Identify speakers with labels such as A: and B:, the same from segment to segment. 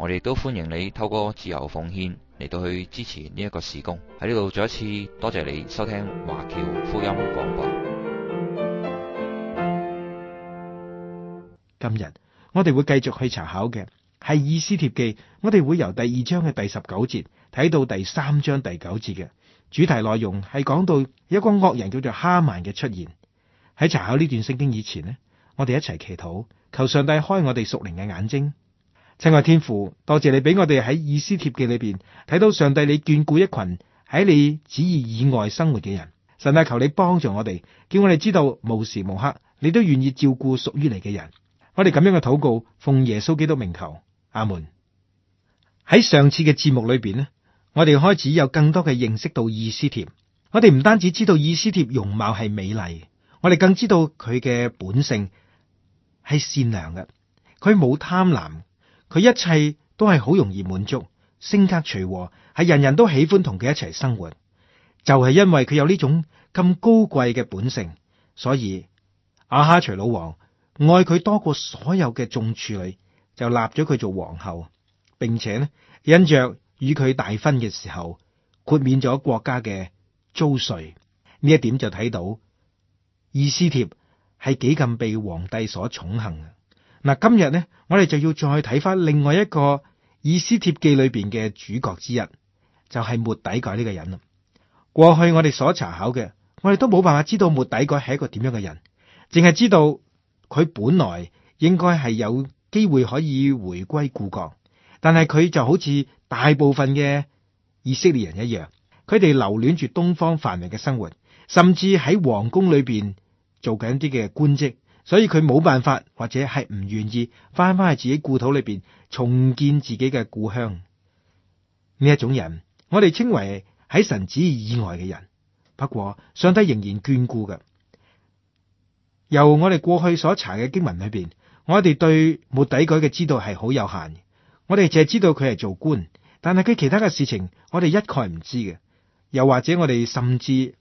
A: 我哋都歡迎你透過自由奉獻嚟到去支持呢一個事工。喺呢度再一次多謝你收聽華僑福音廣播。今日我哋會繼續去查考嘅係《以斯帖記》，我哋會由第二章嘅第十九節睇到第三章第九節嘅主題內容，係講到一個惡人叫做哈曼嘅出現。喺查考呢段聖經以前呢，我哋一齊祈禱，求上帝開我哋屬靈嘅眼睛。親愛天父，多謝你俾我哋喺《以斯帖記裏面》裏邊睇到上帝，你眷顧一群喺你旨意以外生活嘅人。神啊，求你幫助我哋，叫我哋知道無時無刻你都願意照顧屬於你嘅人。我哋咁樣嘅禱告，奉耶穌基督名求，阿門。喺上次嘅節目裏邊咧，我哋開始有更多嘅認識到《以斯帖》。我哋唔單止知道《以斯帖》容貌係美麗，我哋更知道佢嘅本性係善良嘅，佢冇貪婪。佢一切都係好容易滿足，性格隨和，係人人都喜歡同佢一齊生活，就係、是、因為佢有呢種咁高貴嘅本性，所以亞哈隨魯王愛佢多過所有嘅眾處女，就立咗佢做皇后，並且呢因着與佢大婚嘅時候豁免咗國家嘅租稅，呢一點就睇到以斯帖係幾咁被皇帝所寵幸。嗱，今日咧，我哋就要再睇翻另外一個《以斯帖記》裏邊嘅主角之一，就係、是、末底改呢個人啦。過去我哋所查考嘅，我哋都冇辦法知道末底改係一個點樣嘅人，淨係知道佢本來應該係有機會可以回歸故國，但係佢就好似大部分嘅以色列人一樣，佢哋留戀住東方繁榮嘅生活，甚至喺皇宮裏邊做緊一啲嘅官職。所以佢冇辦法，或者係唔願意翻返去自己故土裏邊重建自己嘅故鄉呢一種人，我哋稱為喺神旨以外嘅人。不過上帝仍然眷顧嘅。由我哋過去所查嘅經文裏邊，我哋對末底改嘅知道係好有限。我哋淨係知道佢係做官，但係佢其他嘅事情，我哋一概唔知嘅。又或者我哋甚至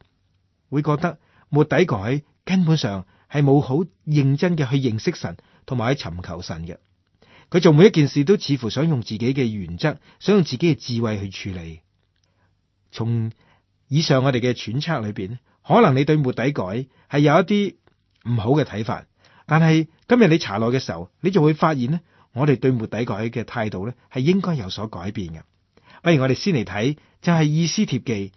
A: 會覺得末底改根本上。係冇好認真嘅去認識神，同埋喺尋求神嘅。佢做每一件事都似乎想用自己嘅原則，想用自己嘅智慧去處理。從以上我哋嘅揣測裏邊，可能你對末底改係有一啲唔好嘅睇法。但係今日你查落嘅時候，你就會發現呢，我哋對末底改嘅態度咧係應該有所改變嘅。不如我哋先嚟睇，就係、是《以斯帖記》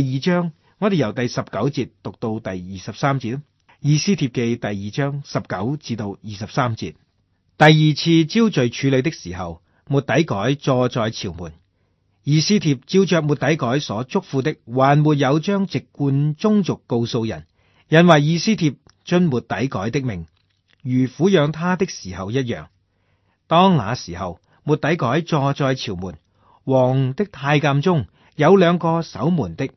A: 第二章，我哋由第十九節讀到第二十三節。以斯帖記第二章十九至到二十三節。第二次招聚處女的時候，末底改坐在朝門。以斯帖照着末底改所囑咐的，還沒有，有將籍貫宗族告訴人，因為以斯帖遵末底改的命，如撫養他的時候一樣。當那時候，末底改坐在朝門，王的太監中有兩個守門的，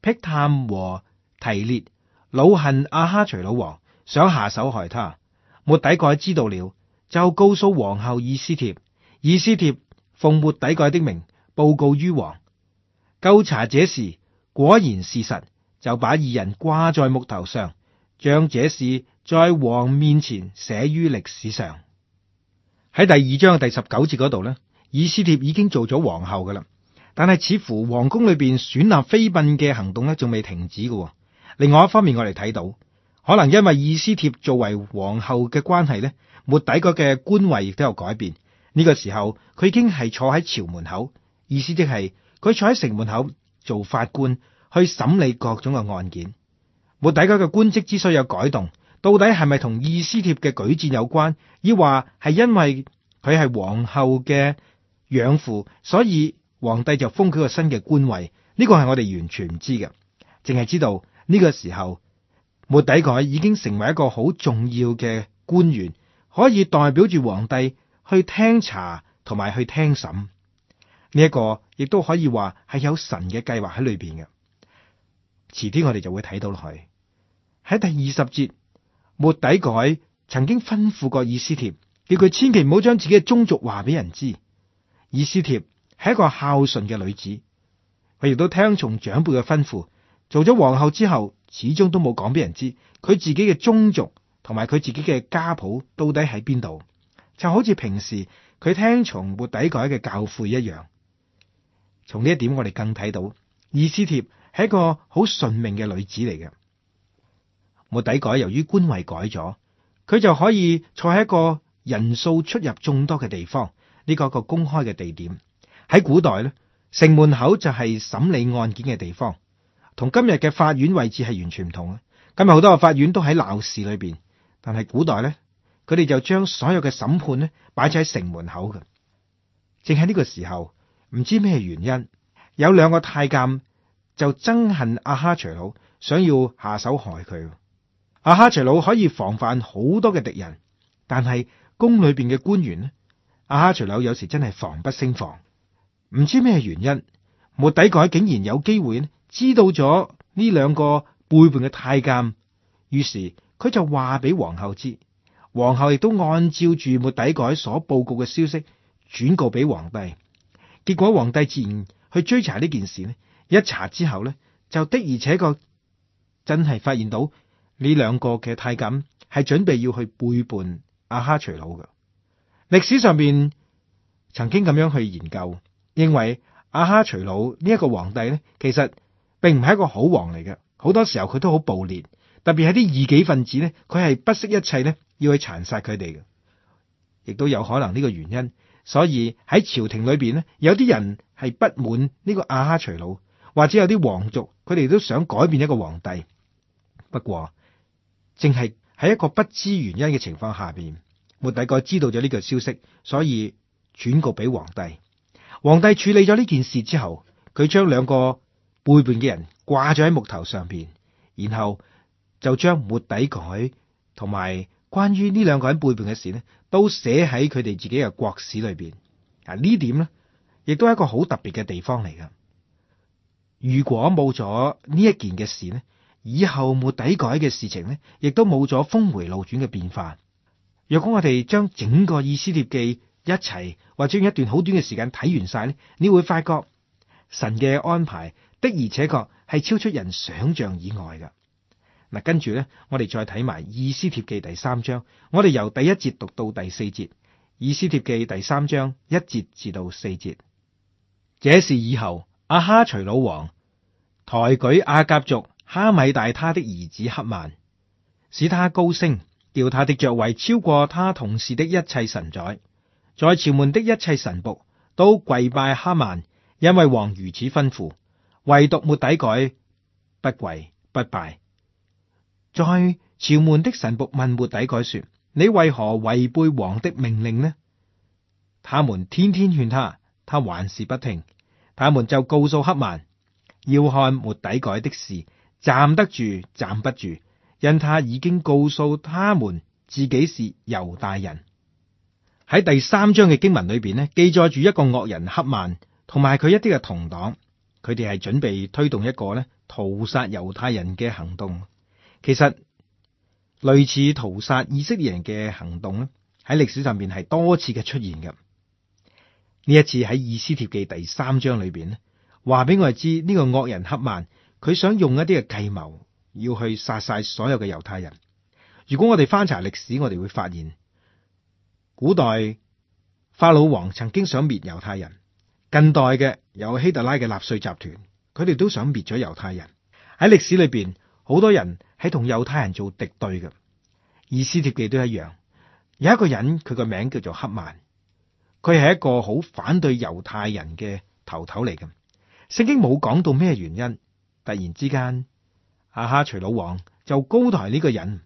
A: 辟探和提列，.惱恨亞哈隨魯王想下手害他，末底改知道了就告訴皇后以斯帖，以斯帖奉末底改的名報告於王，究查這事果然事實，就把二人掛在木頭上，將這事在王面前寫於歷史上。喺第二章第十九節嗰度呢，以斯帖已經做咗皇后噶啦，但係似乎皇宮裏邊選立妃嬪嘅行動呢，仲未停止嘅。另外一方面，我哋睇到可能因為以斯帖作為皇后嘅關係咧，末底改嘅官位亦都有改變。呢個時候佢已經係坐喺朝門口，意思即係佢坐喺城門口做法官去審理各種嘅案件。末底改嘅官職之所以有改動，到底係咪同以斯帖嘅舉薦有關？亦話係因為佢係皇后嘅養父，所以皇帝就封佢個新嘅官位。呢個係我哋完全唔知嘅，淨係知道。呢個時候，末底改已經成為一個好重要嘅官員，可以代表住皇帝去聽查同埋去聽審。呢一個亦都可以話係有神嘅計劃喺裏邊嘅。遲啲我哋就會睇到落去。喺第二十節，末底改曾經吩咐過以斯帖，叫佢千祈唔好將自己嘅宗族話俾人知。以斯帖係一個孝順嘅女子，佢亦都聽從長輩嘅吩咐。做咗皇后之後，始終都冇講俾人知佢自己嘅宗族同埋佢自己嘅家譜到底喺邊度，就好似平時佢聽從末底改嘅教誨一樣。從呢一點，我哋更睇到，以斯帖係一個好順命嘅女子嚟嘅。末底改，由於官位改咗，佢就可以坐喺一個人數出入眾多嘅地方，呢、這個一個公開嘅地點。喺古代咧，城門口就係審理案件嘅地方。同今日嘅法院位置係完全唔同啊！今日好多個法院都喺鬧市裏邊，但係古代咧，佢哋就將所有嘅審判咧擺咗喺城門口嘅。正喺呢個時候，唔知咩原因，有兩個太監就憎恨亞哈隨魯，想要下手害佢。亞哈隨魯可以防範好多嘅敵人，但係宮裏邊嘅官員咧，亞哈隨魯有時真係防不勝防。唔知咩原因，末底改竟然有機會咧。知道咗呢兩個背叛嘅太監，於是佢就話俾皇后知，皇后亦都按照住末底改所報告嘅消息轉告俾皇帝。結果皇帝自然去追查呢件事呢，一查之後呢，就的而且確真係發現到呢兩個嘅太監係準備要去背叛亞哈隨魯嘅。歷史上邊曾經咁樣去研究，認為亞哈隨魯呢一個皇帝呢，其實。並唔係一個好王嚟嘅，好多時候佢都好暴烈，特別係啲異己分子咧，佢係不惜一切咧要去殘殺佢哋嘅，亦都有可能呢個原因。所以喺朝廷裏邊咧，有啲人係不滿呢個亞哈隨魯，或者有啲皇族，佢哋都想改變一個皇帝。不過，淨係喺一個不知原因嘅情況下邊，末底改知道咗呢個消息，所以轉告俾皇帝。皇帝處理咗呢件事之後，佢將兩個。背叛嘅人掛咗喺木頭上邊，然後就將末底改同埋關於呢兩個人背叛嘅事咧，都寫喺佢哋自己嘅國史裏邊。啊，呢點呢，亦都係一個好特別嘅地方嚟噶。如果冇咗呢一件嘅事咧，以後末底改嘅事情咧，亦都冇咗峰迴路轉嘅變化。若果我哋將整個《以斯帖記》一齊，或者用一段好短嘅時間睇完晒呢，你會發覺神嘅安排。的而且確係超出人想象以外嘅嗱。跟住呢，我哋再睇埋《以斯帖記》第三章，我哋由第一節讀到第四節，《以斯帖記》第三章一節至到四節。這事以後阿哈隨魯王抬舉阿甲族哈米大他的兒子哈曼，使他高升，叫他的爵位超過他同事的一切臣宰。在朝門的一切臣僕都跪拜哈曼，因為王如此吩咐。唯獨末底改，不跪不拜。在朝門的臣僕問末底改說：你為何違背王的命令呢？他們天天勸他，他還是不聽。他們就告訴黑曼：要看末底改的事站得住站不住，因他已經告訴他們自己是猶大人。喺第三章嘅經文裏邊呢，記載住一個惡人黑曼同埋佢一啲嘅同黨。佢哋係準備推動一個咧屠殺猶太人嘅行動。其實類似屠殺以色列人嘅行動咧，喺歷史上面係多次嘅出現嘅。呢一次喺《以斯帖記》第三章裏邊咧，話俾我哋知呢個惡人黑曼，佢想用一啲嘅計謀要去殺晒所有嘅猶太人。如果我哋翻查歷史，我哋會發現古代法老王曾經想滅猶太人，近代嘅。有希特拉嘅納粹集團，佢哋都想滅咗猶太人。喺歷史裏邊，好多人喺同猶太人做敵對嘅，以斯帖記都一樣。有一個人，佢個名叫做黑曼，佢係一個好反對猶太人嘅頭頭嚟嘅。聖經冇講到咩原因，突然之間，阿、啊、哈隨魯王，就高抬呢個人。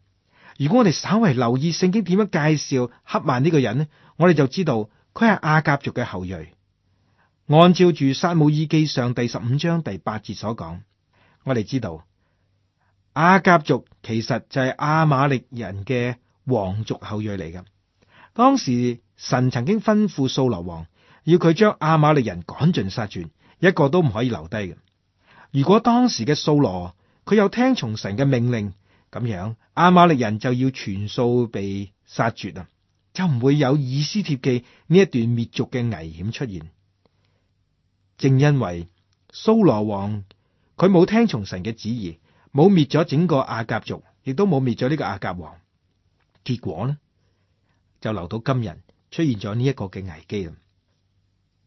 A: 如果我哋稍為留意聖經點樣介紹黑曼呢個人，我哋就知道佢係亞甲族嘅後裔。按照住《撒母耳記上》第十五章第八節所講，我哋知道亞甲族其實就係亞瑪力人嘅王族後裔嚟噶。當時神曾經吩咐掃羅王要佢將亞瑪力人趕盡殺絕，一個都唔可以留低嘅。如果當時嘅掃羅佢有聽從神嘅命令，咁樣亞瑪力人就要全數被殺絕啊，就唔會有以斯帖記呢一段滅族嘅危險出現。正因為掃羅王佢冇聽從神嘅旨意，冇滅咗整個亞甲族，亦都冇滅咗呢個亞甲王，結果呢就留到今日出現咗呢一個嘅危機啦。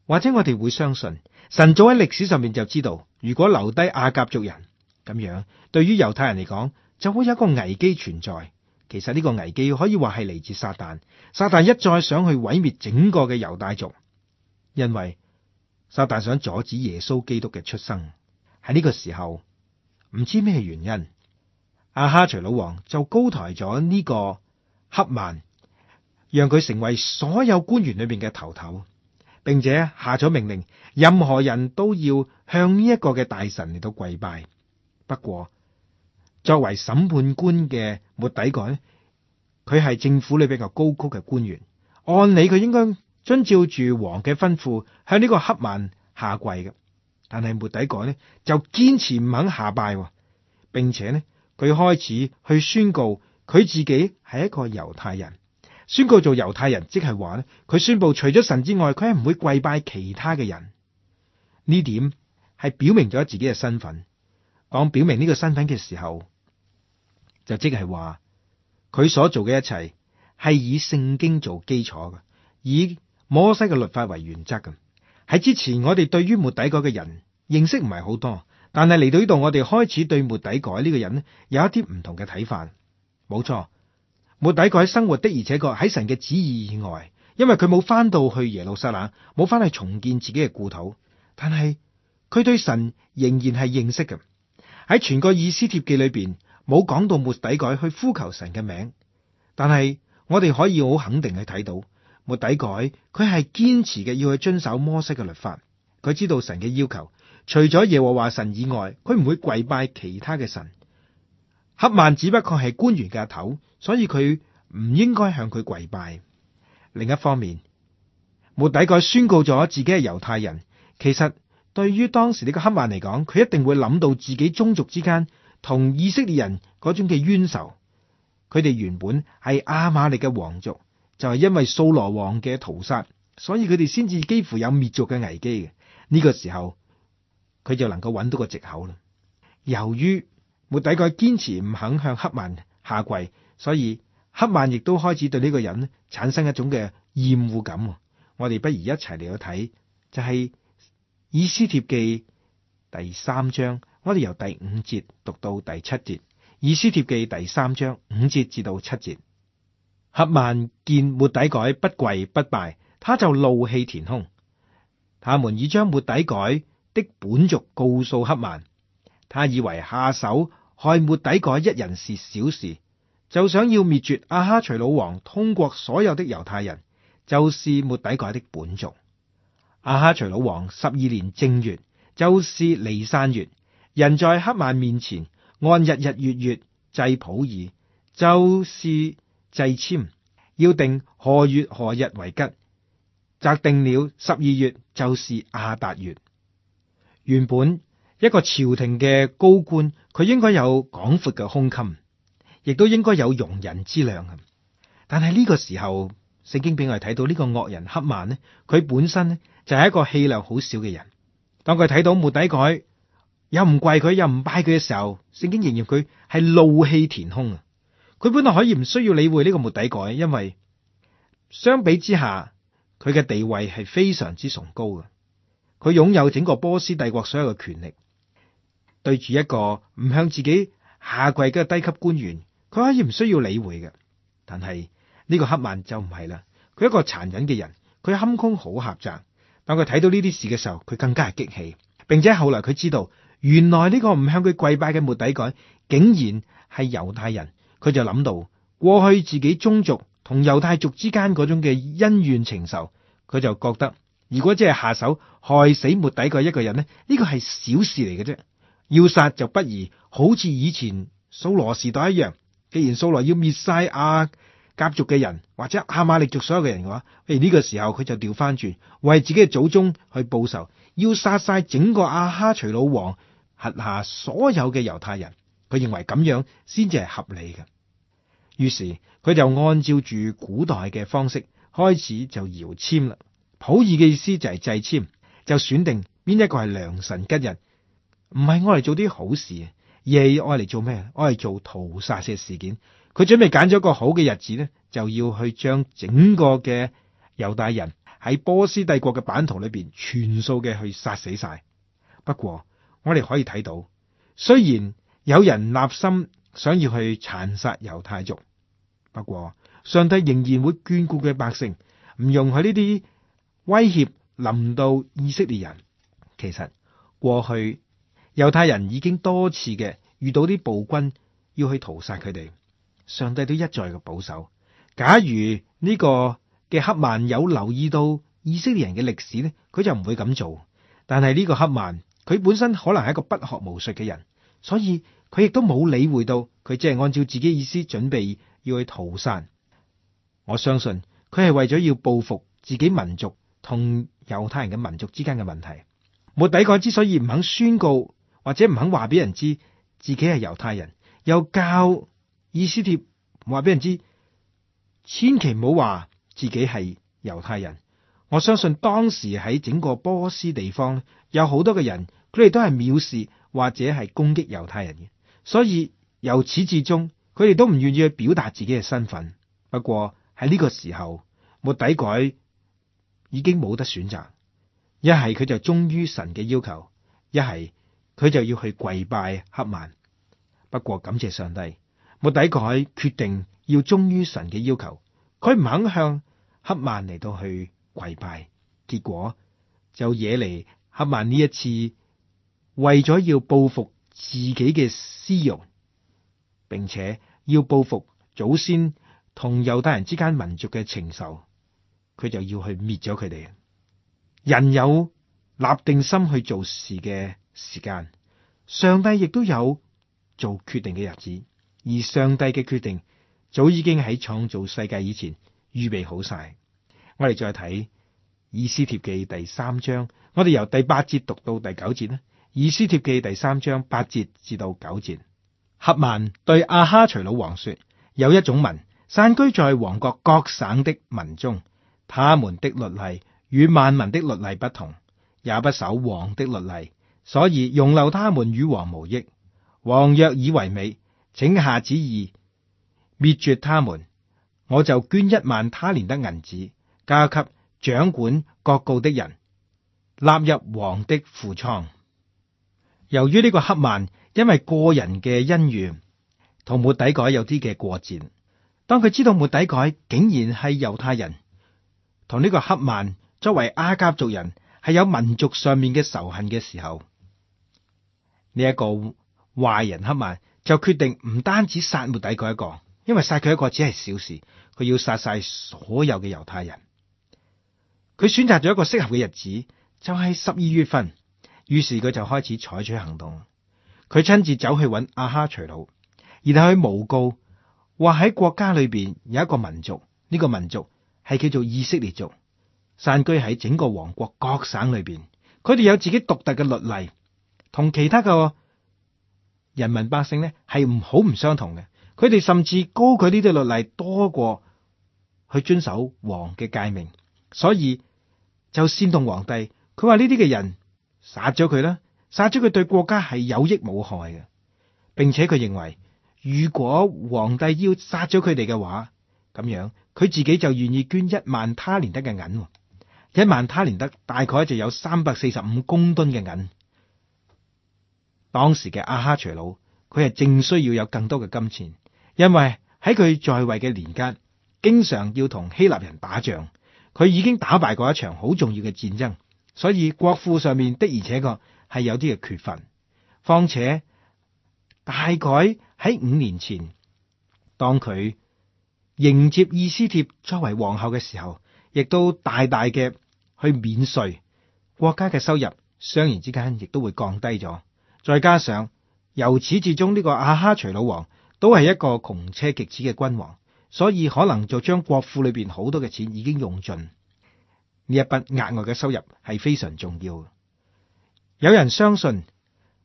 A: 或者我哋會相信神早喺歷史上面就知道，如果留低亞甲族人咁樣，對於猶太人嚟講就會有一個危機存在。其實呢個危機可以話係嚟自撒旦，撒旦一再想去毀滅整個嘅猶大族，因為，就但想阻止耶穌基督嘅出生，喺呢個時候唔知咩原因，亞哈隨魯王就高抬咗呢個黑曼，讓佢成為所有官員裏邊嘅頭頭，並且下咗命令，任何人都要向呢一個嘅大臣嚟到跪拜。不過作為審判官嘅末底改，佢係政府裏比較高級嘅官員，按理佢應該。遵照住王嘅吩咐，向呢個黑曼下跪嘅，但係末底改呢就堅持唔肯下拜，並且呢，佢開始去宣告佢自己係一個猶太人，宣告做猶太人，即係話呢，佢宣布除咗神之外，佢係唔會跪拜其他嘅人。呢點係表明咗自己嘅身份。講表明呢個身份嘅時候，就即係話佢所做嘅一切係以聖經做基礎㗎，以。摩西嘅律法為原則嘅，喺之前我哋對於末底改嘅人認識唔係好多，但係嚟到呢度我哋開始對末底改呢個人咧有一啲唔同嘅睇法。冇錯，末底改生活的而且確喺神嘅旨意以外，因為佢冇返到去耶路撒冷，冇返去重建自己嘅故土。但係佢對神仍然係認識嘅。喺全個以斯帖記裏邊冇講到末底改去呼求神嘅名，但係我哋可以好肯定去睇到。末底改佢係堅持嘅要去遵守摩西嘅律法，佢知道神嘅要求，除咗耶和華神以外，佢唔會跪拜其他嘅神。哈曼只不過係官員嘅阿頭，所以佢唔應該向佢跪拜。另一方面，末底改宣告咗自己係猶太人，其實對於當時呢個哈曼嚟講，佢一定會諗到自己宗族之間同以色列人嗰種嘅冤仇，佢哋原本係亞瑪力嘅皇族。就係因為掃羅王嘅屠殺，所以佢哋先至幾乎有滅族嘅危機嘅。呢、這個時候，佢就能夠揾到個藉口啦。由於末底改堅持唔肯向黑曼下跪，所以黑曼亦都開始對呢個人產生一種嘅厭惡感。我哋不如一齊嚟去睇，就係、是、以斯帖記第三章，我哋由第五節讀到第七節，以斯帖記第三章五節至到七節。黑曼見末底改不跪不拜，他就怒氣填胸。他們已將末底改的本族告訴黑曼，他以為下手害末底改一人是小事，就想要滅絕阿哈隨老王通國所有的猶太人，就是末底改的本族。阿哈隨老王十二年正月，就是尼散月，人在黑曼面前，按日日月月祭普爾，就是，祭籤要定何月何日為吉，擇定了十二月，就是亞達月。原本一個朝廷嘅高官，佢應該有廣闊嘅胸襟，亦都應該有容人之量。但係呢個時候，聖經俾我哋睇到呢個惡人黑曼呢，佢本身呢就係一個氣量好少嘅人。當佢睇到末底改又唔跪佢又唔拜佢嘅時候，聖經形容佢係怒氣填胸啊！佢本來可以唔需要理會呢個末底改，因為相比之下，佢嘅地位係非常之崇高嘅。佢擁有整個波斯帝國所有嘅權力，對住一個唔向自己下跪嘅低級官員，佢可以唔需要理會嘅。但係呢個黑曼就唔係啦。佢一個殘忍嘅人，佢堪空好狹窄，但佢睇到呢啲事嘅時候，佢更加係激氣，並且後來佢知道原來呢個唔向佢跪拜嘅末底改竟然係猶太人。佢就諗到過去自己宗族同猶太族之間嗰種嘅恩怨情仇，佢就覺得如果即係下手害死末底嘅一個人咧，呢、這個係小事嚟嘅啫。要殺就不如好似以前掃羅時代一樣，既然掃羅要滅晒亞甲族嘅人或者亞瑪力族所有嘅人嘅話，誒、這、呢個時候佢就調翻轉為自己嘅祖宗去報仇，要殺晒整個亞哈隨魯王轄下所有嘅猶太人，佢認為咁樣先至係合理嘅。於是佢就按照住古代嘅方式，開始就搖簽啦。普爾嘅意思就係祭簽，就選定邊一個係良辰吉日。唔係我嚟做啲好事，而係我嚟做咩？我嚟做屠殺嘅事件。佢準備揀咗個好嘅日子呢，就要去將整個嘅猶大人喺波斯帝國嘅版圖裏邊全數嘅去殺死晒。不過我哋可以睇到，雖然有人立心。想要去殘殺猶太族，不過上帝仍然會眷顧佢百姓，唔容許呢啲威脅臨到以色列人。其實過去猶太人已經多次嘅遇到啲暴君要去屠殺佢哋，上帝都一再嘅保守。假如呢個嘅黑曼有留意到以色列人嘅歷史呢，佢就唔會咁做。但係呢個黑曼佢本身可能係一個不學無術嘅人，所以。佢亦都冇理會到，佢只係按照自己意思準備要去逃散。我相信佢係為咗要報復自己民族同猶太人嘅民族之間嘅問題。末底改之所以唔肯宣告或者唔肯話俾人知自己係猶太人，又教以斯帖話俾人知，千祈唔好話自己係猶太人。我相信當時喺整個波斯地方有好多嘅人，佢哋都係藐視或者係攻擊猶太人嘅。所以由始至終，佢哋都唔願意去表達自己嘅身份。不過喺呢個時候，末底改，已經冇得選擇。一係佢就忠於神嘅要求，一係佢就要去跪拜黑曼。不過感謝上帝，末底改，決定要忠於神嘅要求。佢唔肯向黑曼嚟到去跪拜，結果就惹嚟黑曼呢一次為咗要報復自己嘅私欲，並且要報復祖先同猶太人之間民族嘅情仇，佢就要去滅咗佢哋。人有立定心去做事嘅時間，上帝亦都有做決定嘅日子。而上帝嘅決定早已經喺創造世界以前預備好晒。我哋再睇以斯帖記第三章，我哋由第八節讀到第九節呢。以斯帖記第三章八節至到九節，哈曼對亞哈隨魯王說：有一種民散居在王國各省的民中，他們的律例與萬民的律例不同，也不守王的律例，所以容留他們與王無益。王若以為美，請下旨意滅絕他們，我就捐一萬他連得銀子交給掌管國帑的人，納入王的庫倉。由於呢個黑曼因為個人嘅恩怨同末底改有啲嘅過節，當佢知道末底改竟然係猶太人，同呢個黑曼作為亞加族人係有民族上面嘅仇恨嘅時候，呢一個壞人黑曼就決定唔單止殺末底改一個，因為殺佢一個只係小事，佢要殺晒所有嘅猶太人。佢選擇咗一個適合嘅日子，就喺十二月份。於是佢就開始採取行動，佢親自走去揾亞哈隨魯，然後去誣告話喺國家裏邊有一個民族，呢、這個民族係叫做以色列族，散居喺整個王國各省裏邊，佢哋有自己獨特嘅律例，同其他嘅人民百姓呢係唔好唔相同嘅。佢哋甚至高佢呢啲律例多過去遵守王嘅誡命，所以就煽動皇帝，佢話呢啲嘅人，殺咗佢啦，殺咗佢對國家係有益冇害嘅，並且佢認為如果皇帝要殺咗佢哋嘅話，咁樣佢自己就願意捐一萬他連德嘅銀，一萬他連德大概就有三百四十五公噸嘅銀。當時嘅亞哈隨魯，佢係正需要有更多嘅金錢，因為喺佢在位嘅年間，經常要同希臘人打仗，佢已經打敗過一場好重要嘅戰爭。所以國庫上面的而且確係有啲嘅缺乏。況且大概喺五年前，當佢迎接以斯帖作為皇后嘅時候，亦都大大嘅去免稅，國家嘅收入，相然之間亦都會降低咗。再加上由始至終呢，這個亞哈隨魯王都係一個窮奢極侈嘅君王，所以可能就將國庫裏邊好多嘅錢已經用盡。呢一筆額外嘅收入係非常重要。有人相信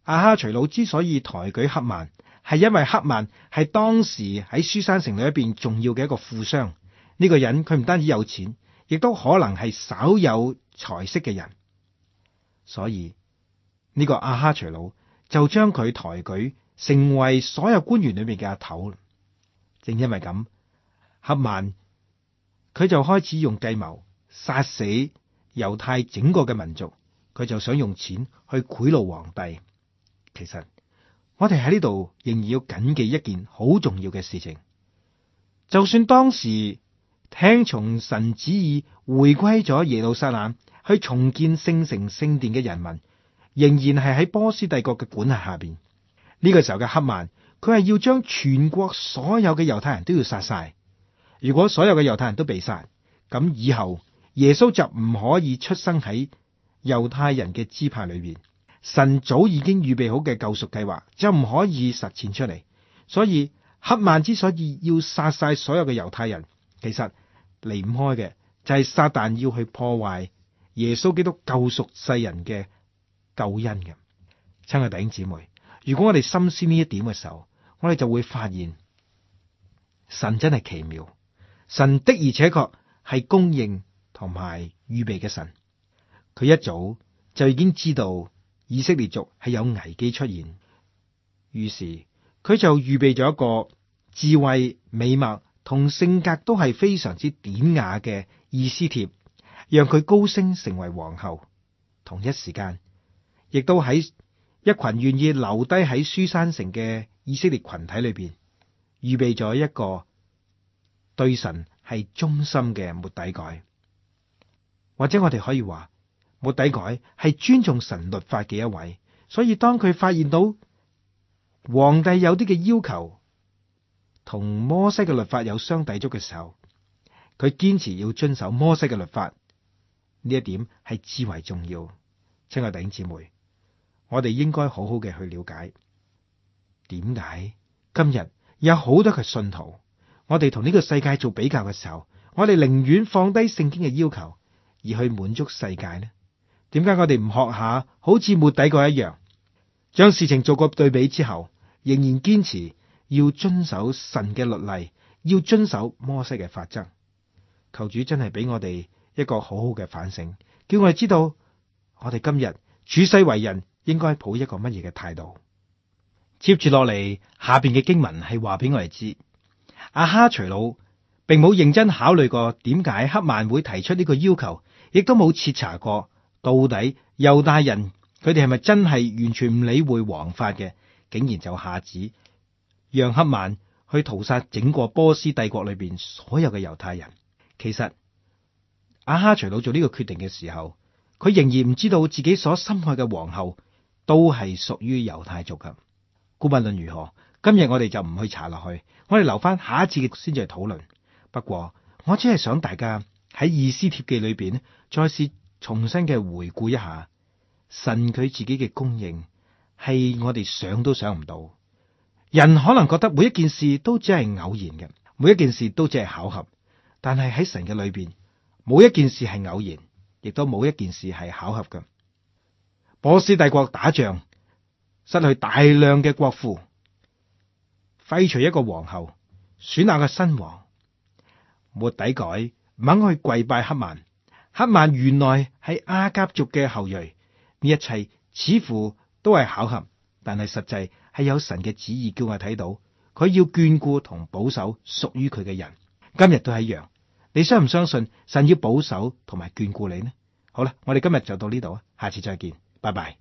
A: 亞哈隨魯之所以抬舉黑曼，係因為黑曼係當時喺書珊城裏邊重要嘅一個富商。呢個人佢唔單止有錢，亦都可能係稍有財色嘅人。所以呢個亞哈隨魯就將佢抬舉成為所有官員裏面嘅阿頭。正因為咁，黑曼佢就開始用計謀。殺死猶太整個嘅民族，佢就想用錢去賄賂皇帝。其實我哋喺呢度仍然要謹記一件好重要嘅事情。就算當時聽從神旨意回歸咗耶路撒冷去重建聖城聖殿嘅人民，仍然係喺波斯帝國嘅管轄下邊。呢個時候嘅黑曼佢係要將全國所有嘅猶太人都要殺晒。如果所有嘅猶太人都被殺，咁以後。耶穌就唔可以出生喺猶太人嘅支派裏邊，神早已經預備好嘅救贖計劃就唔可以實現出嚟。所以黑曼之所以要殺晒所有嘅猶太人，其實離唔開嘅就係、是、撒旦要去破壞耶穌基督救贖世人嘅救恩嘅。親愛弟兄姊妹，如果我哋深思呢一點嘅時候，我哋就會發現神真係奇妙，神的而且確係公認。同埋預備嘅神，佢一早就已經知道以色列族係有危機出現，於是佢就預備咗一個智慧、美貌同性格都係非常之典雅嘅以斯帖，讓佢高升成為皇后。同一時間，亦都喺一群願意留低喺書珊城嘅以色列群體裏邊預備咗一個對神係忠心嘅末底改。或者我哋可以話末底改，係尊重神律法嘅一位。所以當佢發現到皇帝有啲嘅要求同摩西嘅律法有相抵觸嘅時候，佢堅持要遵守摩西嘅律法。呢一點係至為重要。親愛弟兄姊妹，我哋應該好好嘅去了解，點解今日有好多嘅信徒，我哋同呢個世界做比較嘅時候，我哋寧願放低聖經嘅要求。而去滿足世界呢？點解我哋唔學下？好似末底改一樣，將事情做過對比之後，仍然堅持要遵守神嘅律例，要遵守摩西嘅法則。求主真係俾我哋一個好好嘅反省，叫我哋知道我哋今日處世為人應該抱一個乜嘢嘅態度。接住落嚟下邊嘅經文係話俾我哋知，阿、啊、哈隨魯。並冇認真考慮過點解黑曼會提出呢個要求，亦都冇徹查過到底猶太人佢哋係咪真係完全唔理會王法嘅，竟然就下旨讓黑曼去屠殺整個波斯帝國裏邊所有嘅猶太人。其實亞哈隨魯做呢個決定嘅時候，佢仍然唔知道自己所心愛嘅皇后都係屬於猶太族噶。故不論如何，今日我哋就唔去查落去，我哋留翻下一次先再討論。不過我只係想大家喺《以斯帖記》裏邊呢，再次重新嘅回顧一下神佢自己嘅供應係我哋想都想唔到，人可能覺得每一件事都只係偶然嘅，每一件事都只係巧合，但係喺神嘅裏邊，冇一件事係偶然，亦都冇一件事係巧合嘅。波斯帝國打仗失去大量嘅國庫，廢除一個皇后，選下個新王。末底改，唔肯去跪拜黑曼。黑曼原來係亞甲族嘅後裔，呢一切似乎都係巧合，但係實際係有神嘅旨意叫我睇到，佢要眷顧同保守屬於佢嘅人。今日都係一樣，你相唔相信神要保守同埋眷顧你呢？好啦，我哋今日就到呢度啊，下次再見，拜拜。